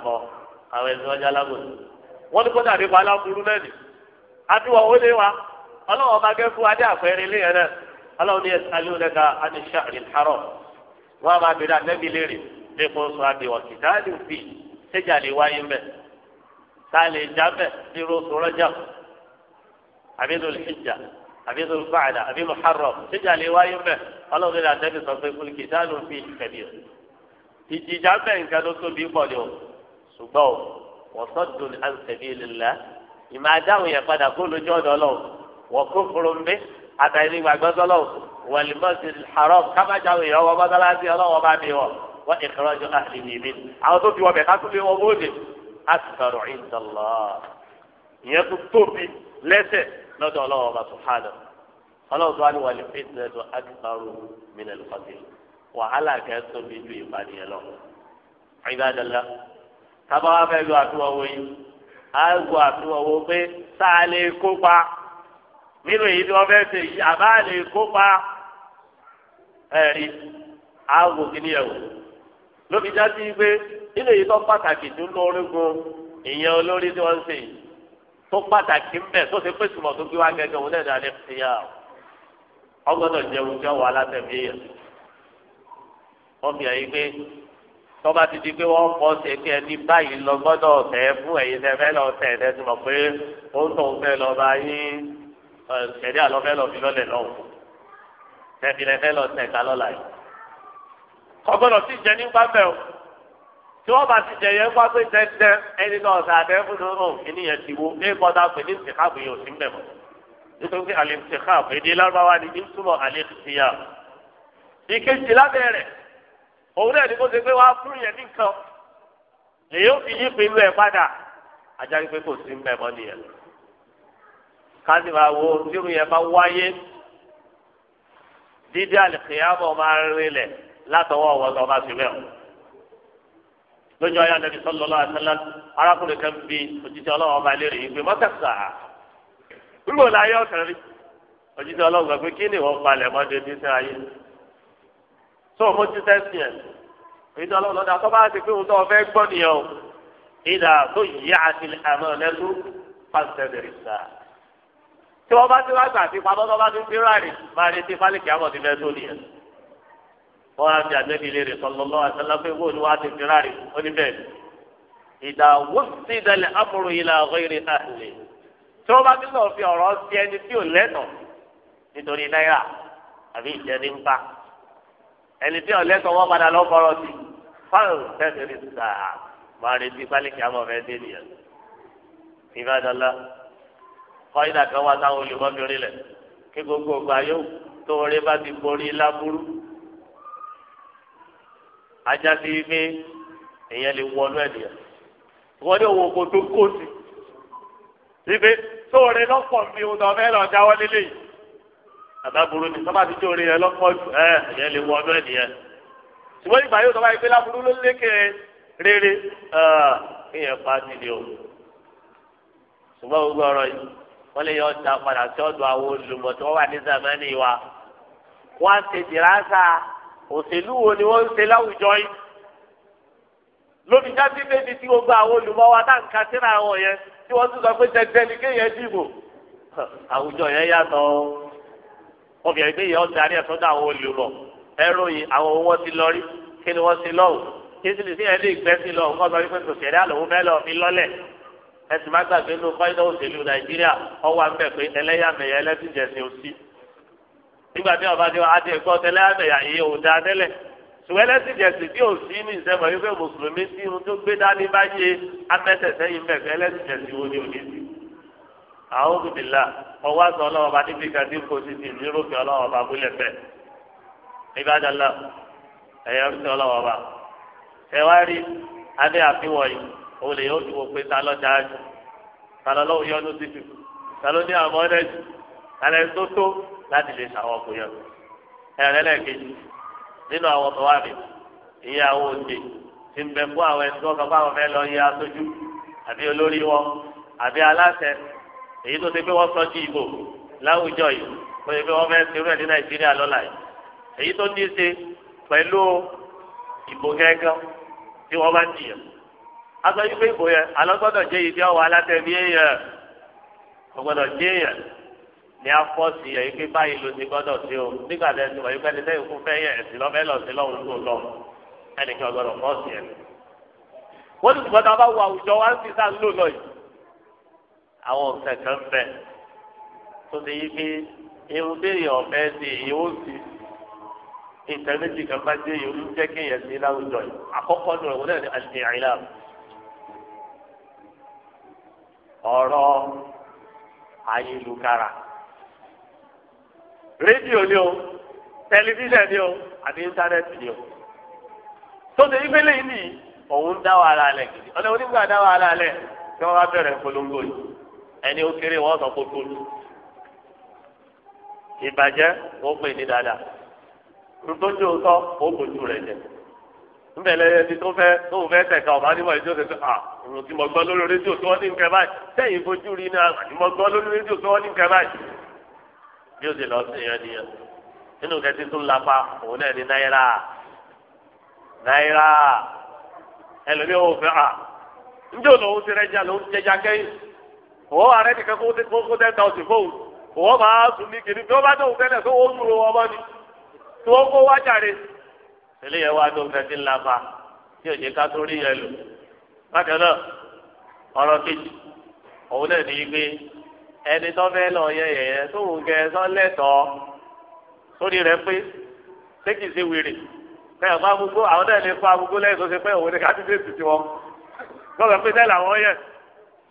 ọba ó ju wọ́n ní kó dàbí pa aláburú náà nì àtiwọ̀ ó lé wa ọlọ́wọ́ bá gẹ́ fún adé àpẹẹrẹ ilé yẹn náà ọlọ́wọ́ ní ẹ̀sán ló lẹ́ka anisha ìlharọ̀ wọ́n á máa bèrè àtẹ́bí léèrè bí kò sọ àbẹ̀wọ̀ kìtà lè fi séjà lè wáyé mbẹ̀ tá a lè já mbẹ̀ bí rọ́ọ̀sù rọ́jà àbí ìjìjà mbẹ̀ nǹkan tó tóbi pọ̀ ni o ṣùgbọ́n o wọ́sọ́dún ànsẹ̀bílélá ìmọ̀ adáhùn yẹn padà kó lójú ọ̀dọ̀ ọlọ́run wọ́n kó fúru ń bí àtàlẹ́ ìgbàgbọ́ sọlọ́run wàlímọ́sì haram kábàjáwé yẹn wọ́n mọ́sálásí ọlọ́run bá mi wọ̀ wọ́n ìkọ́rọ́jọ́ àhìnìmí àwọn tó fi wọ́n bẹ̀ ká tún lé wọn bóde àtàrò ìdọ̀lọ́ ìyẹn tó tóbi lẹ́sẹ̀ lọ́dọ̀ ọlọ́run ọba sùhánà ọlọ́run tó wá ní wàlí fitness àtàrò mìnàlùfàdé wàhálà kẹ́ẹ́ tóbi ju ìpàdé yẹn lọ. ìbádàlá tábà wá fẹ́ lo àtúwọ̀wò yìí á lo àtúwọ̀wò pé tá a lè kópa nínú èyí tí wọ́n fẹ́ ṣe yìí àbá lè kópa ẹ̀rí á wò kí ni ẹ̀ wò ló fi já sí pé nínú èyí tó pàtàkì tó lórígun ìyẹn olórí tí wọ́n ń ṣe yìí tó pàtàkì ń bẹ tó ṣe pé sùmọ̀ tó gbé wá gẹ́gẹ́ òun náà ní ìyá ọgbọ́dọ̀ jẹun tí wọ́n wà látẹ̀mí yẹn tọ́ba ti di pé wọ́n kọ́ ṣe kí ẹni báyìí lọ gbọ́dọ̀ tẹ̀ fún ẹ̀yin tẹ fẹ́ lọ tẹ̀ tẹ́ mọ̀ pé ó ń tọ̀ fẹ́ lọ bá yín ṣẹ̀dí àlọ́ fẹ́ lọ fi lọ́lẹ̀ lọ́wọ́ tẹ̀fìlẹ̀ fẹ́ lọ tẹ̀ ká lọ́la yìí. kọ́gbọ́dọ̀ sì jẹ nípa bẹ́ẹ̀ o tí wọ́n bá ti jẹ yẹn wá pé tẹ́tẹ́ ẹni náà sàbẹ́ fún un ìní ti wo ní kọ́ta pé ní ìtìkáàbù yìí sí mbẹ̀ nítorí àlè ìtìkáàbù èdè lárúbáwá ni ní túmọ̀ àlè ìtìyà ìkejì lábẹ́ rẹ̀ òun náà kó ṣe pé wàá fún yẹn nìkan èyí ò fi yí pinnu ẹ padà ajá pé kò sí mbẹ mọ nìyẹn káàdì máa wo tírú yẹn máa wáyé dídí àlìkìyàmọ máa rinlẹ látọwọ́ ọwọ́ tó bá lójú ayé anabi sọlọlọ àtàlà arákùnrin kan bí òjijì ọlọ́run ọba ilé rẹ yìí pé mọtàkà ńgbò láyé ọkàn rí òjijì ọlọ́run gbàgbé kí ni wọn palẹ̀ mọ́ de dídí ayé tó o mú ti sẹ́sìn ẹ̀ èyí tó ọlọ́run lọ́dà tó bá ti pé òun tó ọfẹ́ gbọ́ nìyẹn o ìdá tó yíyá àti àmọ́ lẹ́nu pàṣẹ bẹ̀rẹ̀ sáà tí wọ́n bá ti wá gbà sí pamọ́ tó bá ti fi ráàlì máa ní ti fálìkì àmọ́ ti fẹ́ tó nìyẹn wọ́n á fi àgbẹ̀bí ilé rẹ̀ sọlọ́lọ́ àtàlà pé wọ́n wá ti fi ráàlì ó ìdá wọ́n sí ẹni tí ò lẹ́tọ̀ọ́ ẹni tí ọ̀lẹ́sọ̀ wọ́n padà lọ fọ́rọ̀ sí fáwọn tẹ́sílì sà máa retí pálíkì àmọ́ fẹ́ dé nìyẹn. ìbádọ́lá kọ́ńdà kan wá sáwọn olùkọ́bìnrin lẹ̀ kí gbogbo ọgbà yóò tó orí bá ti borí lábúrú. ajá sí pé èèyàn lè wọnú ẹ̀ nìyẹn. wọ́n ní òwò kò tó kó sí. ibi tó orí lọ́pọ̀ mi ò náà fẹ́ lọ jáwọ́ lélẹ́yìí àbábúrú ni sábà tí tó rí yẹn lọ́pọ̀ jù ẹ ẹ̀yẹ lè wọ ọdún ẹ̀nìyẹn. ṣùgbọ́n ìgbà yóò tọ́ba ìpè láburú ló lékè rere ìyẹn pa ti di o. ṣùgbọ́n gbogbo ọ̀rọ̀ yìí wọ́n lè yọ ọjà padà sí ọ̀dọ̀ àwọn olùmọ̀ tí wọ́n wà ní zamani wa. wọ́n á ṣe dìrasa òṣèlú wo ni wọ́n ń ṣe láwùjọ yìí. lóbi jáde méjì tí gbogbo àwọn olùmọ̀ wa náà ń ka àwọn yẹn tí wọ́n tún sọ pé tẹ́tẹ́ ni kéèyàn dìbò àwùjọ yẹn yàtọ̀ obìnrin gbé yẹ ọjà ní ẹ̀sọ́dọ̀ àwọn olùrọ̀ ẹ̀rọ yìí àwọn owó wọn ti lọ rí kí ni wọ́n ti lọ́wọ́ kí ni sí ẹni ìgbẹ́ sí lọ nǹkan sọ wípé kò sẹ̀rí àlòwò fẹ́ lọ fi lọ́lẹ̀ ẹ̀sìn má gbàgbé inú kọ́ńtà òṣèlú nàìjíríà ọwọ́ àgbẹ̀ pé ẹlẹ́yàmẹ̀yà ẹlẹ́sìnjẹsìn òsì nígbà tí ọba ti wá á ti ẹ̀kọ́ ẹlẹ́yàmẹ̀yà yìí ò dáa tẹ́lẹ̀ ṣùgbọ́n ẹlẹ́sìnjẹsìn tí òsì ní ìsẹ́mọ̀ wípé mùsùlùmí tí irun tó gbé dání bá yé amẹ́sẹ̀sẹ́yìn mẹ́fẹ́ ẹlẹ́sìnjẹsìn wo ni òní sí àwọn òbíbìlà ọwọ́ àti ọlọ́wọ́ bá níbi kan tí kò sí ti nírúfẹ́ ọlọ́wọ́ bá búlẹ̀ fẹ́ ìbádàlá ẹ̀yẹ rúfẹ́ ọlọ́wọ́ bá ẹ wá rí abẹ́ àfihàn yìí òun lè yóò fi wò pé ta lọ dáa jù ta lọ lọ́wọ́ yọ́nú sí jù ta ló ní àmọ́ rẹ jù ta lẹ tó tó láti lè ṣàwọn ọkùnrin yẹn ẹ̀rẹ́ lẹ́ẹ̀kejì nínú àwọn ọmọ wa mi ìyá àwọn òde ti ń bẹ fún àwọn ẹni tó kọ èyí tó ṣe pé wọ́n sọ sí ìbò láwùjọ yìí tó ṣe pé wọ́n fẹ́ ṣerú ẹ̀ ní nàìjíríà lọ́la yìí èyí tó ní í ṣe pẹ̀lú ìbò gẹ́gẹ́ tí wọ́n bá ń dìyàn aṣọ yìí pé ìbò yẹn alọ́gbọ́dọ̀ jẹ́ ibi ọwọ́ alátẹ̀mí èèyàn ọgbọ́dọ̀ jẹ́ èèyàn ní afọ́sí yẹn pé báyìí ló ti gbọ́dọ̀ sí o nígbà tẹ́ ti wọ̀nyí pẹ́ni lẹ́yìn fún fẹ́ yẹn ẹ̀sìn lọ́fẹ́ lọ sí lọ́hùn àwọn ọ̀sẹ̀ kan bẹ̀ tó ti yí pé irun béèrè ọ̀fẹ́ ṣe ìyẹ́wò sí nǹkan méjì kan bá dé yìí ó jẹ́ kéèyàn sí láwùjọ yìí àkọ́kọ́ ní ọ̀rọ̀ náà ni àti àìlá ọ̀rọ̀ ayélujára rédíò ni o tẹlifíṣàn ni o àti íńtánẹ́ẹ̀tì ni o tó ṣe ìpínlẹ̀ yìí nìyí òun dá wàhálà lẹ̀ gidi ọ̀nà onígbà dá wàhálà lẹ̀ kí wọ́n bá bẹ̀rẹ̀ polongo yìí ẹni ó kéré wọn sọ kótó lu ìbàjẹ́ ó pè ní dáadáa rúdójú ọtọ ó gbójú rẹ jẹ nbẹlẹ ẹni tó fẹ́ tó fẹ́ tẹka ọba níwọ ẹjọ ṣe fẹ́ ah òun ti mọ gbọ́ lórí rédíò tí wọn ní nkẹ báyìí sẹ́yìn fojú rí ní àwọn àti mọ gbọ́ lórí rédíò tí wọn ní nkẹ báyìí bí ó ti lọ sí ẹyọ nìyẹn nínú kẹtí tó ń lapa òun náà ní náírà náírà ẹlòmíràn ò fẹ́ ah njẹ́ òun lòun ti rẹ́jà lòun ti jẹjà kẹ́yìn òwò ààrẹ nìkan kó kó ten thousand fóun òwò máa sùn ní kìnnì bí wọ́n bá dóhùn tẹ́lẹ̀ tó wọ́n múlò wọn bọ́ ni tí wọ́n kó wá jàre. ilé yẹn wá dóhùn tẹ́tí ńlá fa tí òye ká tó rí yẹn lò. bákan náà ọ̀rọ̀ kejì òun náà ní gbé ẹni tó fẹ́ lọ yẹ yẹ̀yẹ́ tóun kẹ sọ lẹ́tọ̀ọ́ sórí rẹ pé ṣé kìí wèrè kẹyọ̀ fún agogo àwọn náà lè fún agogo lẹ́yìn tó ṣe pé òun ni ká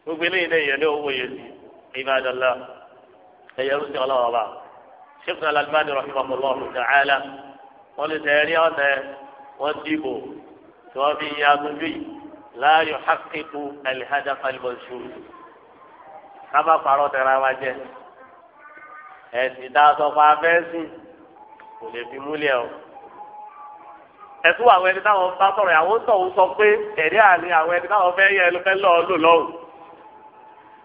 gbogbo eléyìí náà yẹn ní owó yẹn sí ibadala ẹ̀yẹ ló ti ọlọ́wọ́ bá sheikh alalbani rahimahullah ta'ala wọn lè tẹ̀rí ọ̀nà wọn dìbò tí wọn fi ya gbogbo yìí láàyò hakiku alihada falimọ̀ṣu kábà parọ́ tẹ̀ra wa jẹ ẹ̀sìn tá fún afẹ́sì kò lè fi múlẹ̀ o ẹ̀sùn àwọn ẹni táwọn bá sọ̀rọ̀ àwọn sọ̀hún sọ pé tẹ̀rí àní àwọn ẹni táwọn fẹ́ yẹ ẹ fẹ́ lọ́ọ́ lò lọ́hùn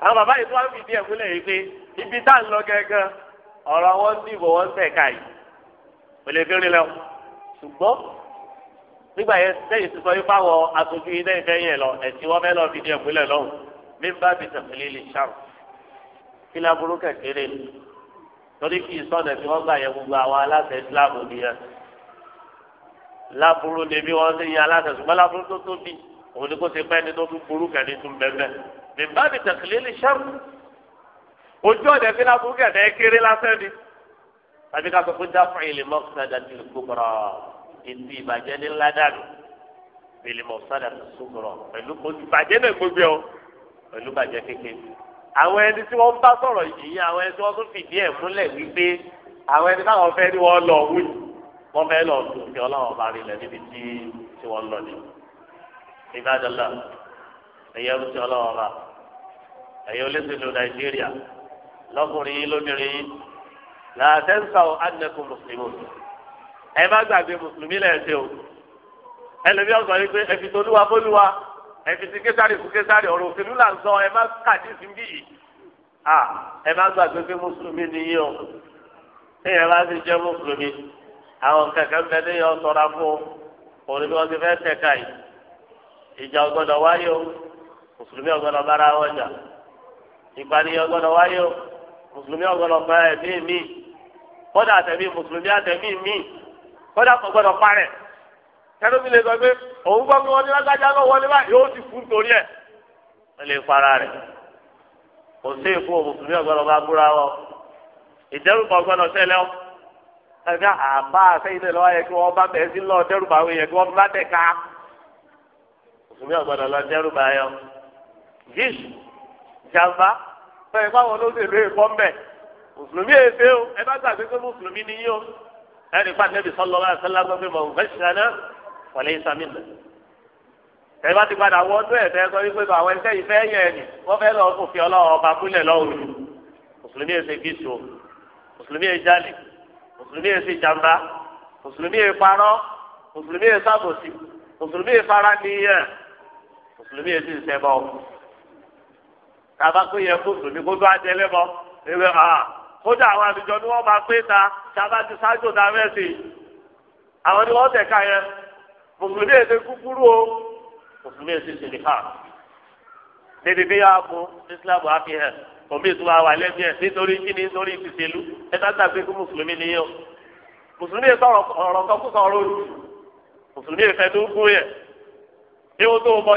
àwọn bàbá yìí tó wá fìdí ẹ̀ múlẹ̀ yìí pé ibi tá à ń lọ gẹ́gẹ́ ọ̀rọ̀ wọn ń dìbò wọn ń tẹ̀ka yìí kò lè fi rin lẹ́wọ̀ ṣùgbọ́n nígbà yẹn sẹ́yìn ti sọ yípa wọ aṣojú yìí lẹ́yìn fẹ́yìn ẹ̀ lọ ẹ̀sìn wọn fẹ́ lọ fìdí ẹ̀ múlẹ̀ lọ́hùn mímbà bíi tẹ̀sílẹ̀ lè ṣàrò kí láburú kékeré torí kí ìsọ̀nà tí wọ́n gbà yẹ gbogbo àwọn aláṣẹ ìsìláàmù nìyẹn láburú ni bí wọ́n ti yan aláṣẹ ṣùgbọ́n láburú tó tóbi òun ni kó ṣe pẹ́ni tó tún burú kẹ́ni tún bẹ́ẹ̀ bẹ́ẹ̀ bíbá mi tẹ̀sílẹ̀ lè ṣẹ́wù ojú ọ̀dẹ̀ fi lábúrú kẹ̀dẹ̀ kéré lásán ni tàbí ká sọ pé dáfọ̀ ilé mọ́sádà ti kúkúrọ̀ ìdí ìbàjẹ́ ní ládàlú ilé mọ́sádà ti kúkúrọ̀ pẹ̀lú ìbàjẹ́ náà gbogbo ọ pẹ̀lú ìbàjẹ́ kékeré àwọn ẹni tí wọ́n bá sọ̀rọ̀ yìí àwọn ẹni tí wọ́n tún fìdí ẹ̀ múlẹ̀ wípé àwọn ẹni táwọn fẹ́ ni wọ́n lọ wí wọ́n fẹ́ lọ sùn kí ọlọ́wọ́ bá rí lẹ̀ níbi tí tí wọ́n lọ ní. ìbádọ́lá ẹ̀yẹ́ ń tí ọlọ́wọ́ ẹ̀yin olóṣèlú nàìjíríà lọ́kùnrin yín lóbìnrin yín làtẹ́ǹsà ọ̀ àdínẹ́kùn mùsùlùmí ẹ má gbàgbé mùsùlùmí lẹ́ẹ̀sẹ̀ o ẹlòmí ọ̀sán yìí pé ẹ̀fì tó lúwa fólúwa ẹ̀fì tí késàrì fún késàrì ọ̀rọ̀ òṣèlú là ń sọ ẹ má kàdí sí bí yìí à ẹ má gbàgbé pé mùsùlùmí nìyí o téèyàn bá ti jẹ́ mùsùlùmí àwọn kẹ̀kẹ́ bẹ téèyàn sọra fún òní bí wọ́n ti fẹ́ tẹ̀ka yìí ìjà ọgbọ́dọ̀ wáyé o mùsùlùmí ọgbọ́dọ̀ bára wọn jà ìpànìyàn gbọ́dọ̀ wáyé o mùsùlùmí ọgbọ́dọ̀ pa ẹ̀mí mi kódà àtẹ̀mí mùsùlùmí àtẹ̀mí mi kódà kò gbọ́dọ̀ parẹ́ tẹnumí lè sọ pé òun gbọ́ pé wọ́n ní lágbájá náà wọlé báyìí yóò ti fún torí ẹ̀ wọ́n lè para rẹ̀ kò sí ìfún mùsùlùmí ọgbọ́dọ̀ máa búra wọn ìdẹ́rùbà ọgbọ́dọ̀ ṣẹlẹ̀ ọ́ ẹgbẹ́ àbá àfẹ́yìn lọ́wọ́ yẹ kí wọ́n bá bẹ̀ẹ́ sí lọ dẹ́rùbà àwọn èèyàn kí wọ́n bá tẹ̀ ká mùsùlùmí ọgbọ́dọ̀ lọ dẹ́rùbà jàmbá bẹ́ẹ̀ báwọn olóṣèlú èkó ń bẹ̀ mùsùlùmí èdè o ẹ bá gbàgbé pé mùsùlùmí ni yín o ẹnì pa nẹ́bí sọ́lọ́ wa ṣẹlá gbọ́ pé mọ̀ọ́ fẹ́ṣánná wọlé isami nà. ẹ bá ti padà wọ ọdún ẹ̀fẹ́ sọ wípé àwọn ẹ̀ṣẹ̀ ìfẹ́ yẹn ni wọ́n fẹ́ lọ fòfin ọlọ́wọ́ ọba kúlẹ̀ lọ́wọ́ mùsùlùmí èsè gíṣù mùsùlùmí èjálè mùsùlùmí èsè jàmbá mùsùlùmí èparọ́ mùsùlùmí èsàbòsì mùsùlùmí èfaraniyẹ mùsùlùmí èsì ìṣẹ́bọ̀ tàbá pé yẹ kó sùn ní kó tó àjẹlẹ bọ ewé ha kódà àwọn àlùjọ ni wọn máa pé ta tàbá ti ṣáájú ta mẹsì àwọn ni wọn tẹka yẹn mùsùlùmí èdè kúkúrú o mùsùlùmí èdè sìnìkà débi bí yà kó islam àfihàn omi ìtura wà lẹ́bi ẹ̀ nítorí kíni nítorí ìfìsèlú ẹ bá gbàgbé kó mùsùlùmí nìyẹn o mùsùlùmí èdè ọ̀rọ̀ kan sọ̀rọ̀ olú mùsùlùmí èdè fẹ́ tó gún yẹ ewu tó mọ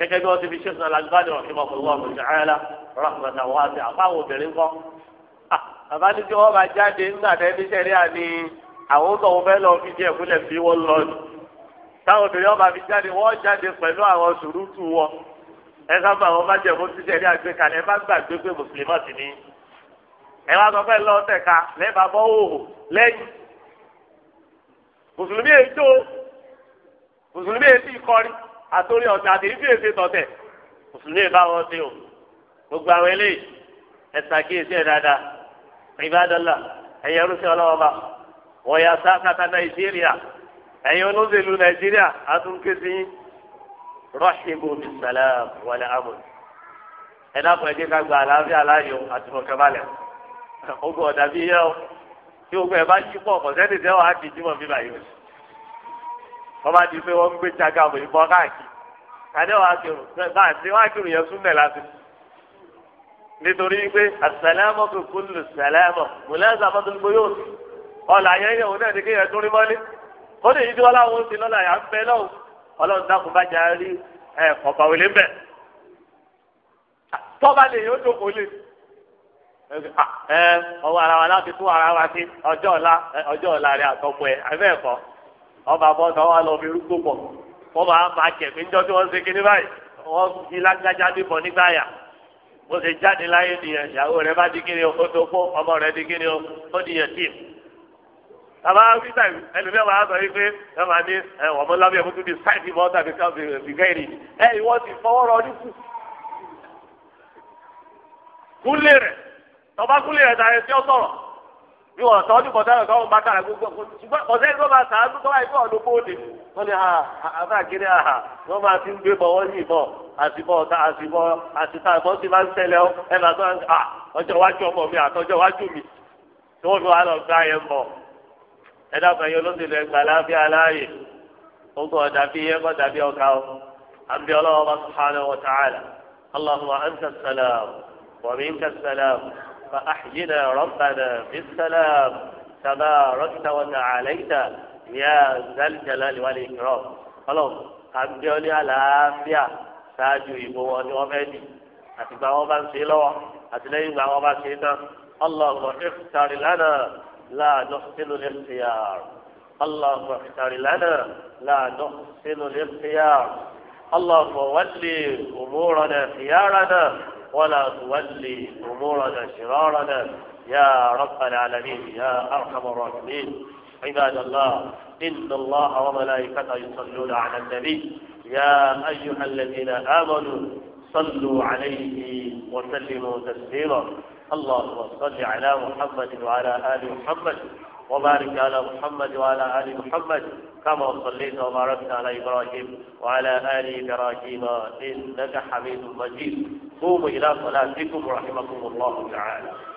gẹ́gẹ́ bí wọ́n ti fi ṣe sọ làgbàdo ọ̀ṣìmọ̀ fún wọn ọ̀ṣìn àyàlá rọ́pàtà wọ́n àti àpáwọn obìnrin kọ́. bàbá ní tí wọ́n bá jáde nígbà tẹ́ ní sẹ́rí àní àwọn tó wọn fẹ́ lọ fi jẹ́ ìkúlẹ̀ fi wọ́n lọ ni. táwọn obìnrin ọba fi jáde wọ́n jáde pẹ̀lú àwọn sùúrùtù wọn. ẹ sábà wọn bá jẹ fún sísẹ́rí àgbékalẹ̀ ẹ bá gbàgbé pé mùsùlùmọ́ọ̀tì ni. ẹ wá sọ fẹ́ lọ tẹ̀ka lẹ́ẹ̀bà bọ́ òhò lẹ́yìn. mùsùlùmí àtòrí ọ̀tẹ̀ àti ìfi èsè tọ̀tẹ̀ mùsùlùmí bá wọn sí o gbogbo àwọn eléyìí ẹ̀sà kíyèsí ẹ̀ dáadáa ìbádọ́là ẹ̀yẹ rúṣẹ́ ọlọ́wọ́ba wọ̀nyà sákàtà nàìjíríà ẹ̀yẹ olóṣèlú nàìjíríà àtúnkéṣí rọ́ṣìbù bisalam wàlẹ̀ amọ̀ ẹ̀ dàpọ̀ ẹ̀ dín ká gba àlàáfíà láàyò àtúnọ̀kẹ́balẹ̀ ogun ọ̀dà bíi yẹ́ o tí ogun ẹ̀ bá yí wọ́n bá di pé wọ́n ń gbé jaga bò ìbọn káàkiri kàdé wàá kírun bá àti wàá kírun yẹn súnmẹ̀ láti nítorí pé àsàlámọ̀ kò kún lù sàlámọ̀ mùlẹ́sà mọ́tòlùgbò yóò sí ọ̀là yẹn yẹn òun náà ní kéèyàn tún rí mọ́lé ó lè yí tí wọ́n láwọn ó ti lọ́la yà ń bẹ náà ọlọ́run dákun bá jà rí ẹ̀ ọ̀pá wẹ̀lé ń bẹ̀ lè yóò tó kólé ẹ ọwọ́ ara wa láti tún ara wa sí ọjọ́ ọ̀la ọjọ́ ọ̀la rẹ̀ àtọ́mọ ẹ̀ abẹ́ ẹ̀kọ́ ọba bọ́ta wà lọ fi rúgbò pọ̀ wọ́n máa ma jẹ̀mí ńjọ́ tí wọ́n ṣe kíní báyìí wọ́n fi lágbájá bíbọ̀ nígbà yà mo ṣe jáde láyé nìyẹn ìyàwó rẹ bá di kíni o ó tó fún ọmọ rẹ di kíni o ó nìyẹn tíì bàbá wíta ẹlòmíràn máa sọ wípé ẹ máa ní ẹ wọ́n mú lábẹ́ mú tún di sáìtì mọ́ tàbí ká fi gẹ́rì ẹ ìwọ́n ti fọwọ́ rọ ní kù kúlé rẹ̀ tọ́ba ìwọ ọ̀tọ̀ ọdún kọ̀ọ̀tà ẹ̀ka ọ̀hún bàtà gbogbo ṣùgbọ́n ọ̀sẹ̀ ló máa sàánú tó wáyé fún ọ̀dún bóde wọ́n ní àbá kiri àhà wọ́n máa ti ń gbé bọ̀ yìí bọ̀ àtibọ̀ ọ̀tá àtibọ̀ ìbọn ti máa ń ọjọ́ iwájú mi iwájú mi tí wọ́n fi wá lọ gbá yẹn bọ̀ ẹ dábàá فأحينا ربنا بالسلام تباركت وتعاليت يا ذا الجلال والإكرام خلاص àbíọ́lé àlàáfíà ṣáájú ìbò wọn ni wọ́n fẹ́ dì àti gba wọn bá ń ṣe lọ́wọ́ àti lẹ́yìn gba wọn bá ṣe tán ọlọ́ọ̀gbọ̀ ìfìtàrí lánàá láàánú sínú lè fi àrùn ọlọ́ọ̀gbọ̀ ìfìtàrí lánàá láàánú sínú lè fi àrùn ọlọ́ọ̀gbọ̀ wọ́n lè òmùrọ̀ náà fi àrùn náà. ولا تولي أمورنا شرارنا يا رب العالمين يا أرحم الراحمين عباد الله إن الله وملائكته يصلون على النبي يا أيها الذين آمنوا صلوا عليه وسلموا تسليما اللهم صل على محمد وعلى آل محمد وبارك على محمد وعلى آل محمد كما صليت وباركت على إبراهيم وعلى آل إبراهيم إنك حميد مجيد قوموا إلى صلاتكم ورحمكم الله تعالى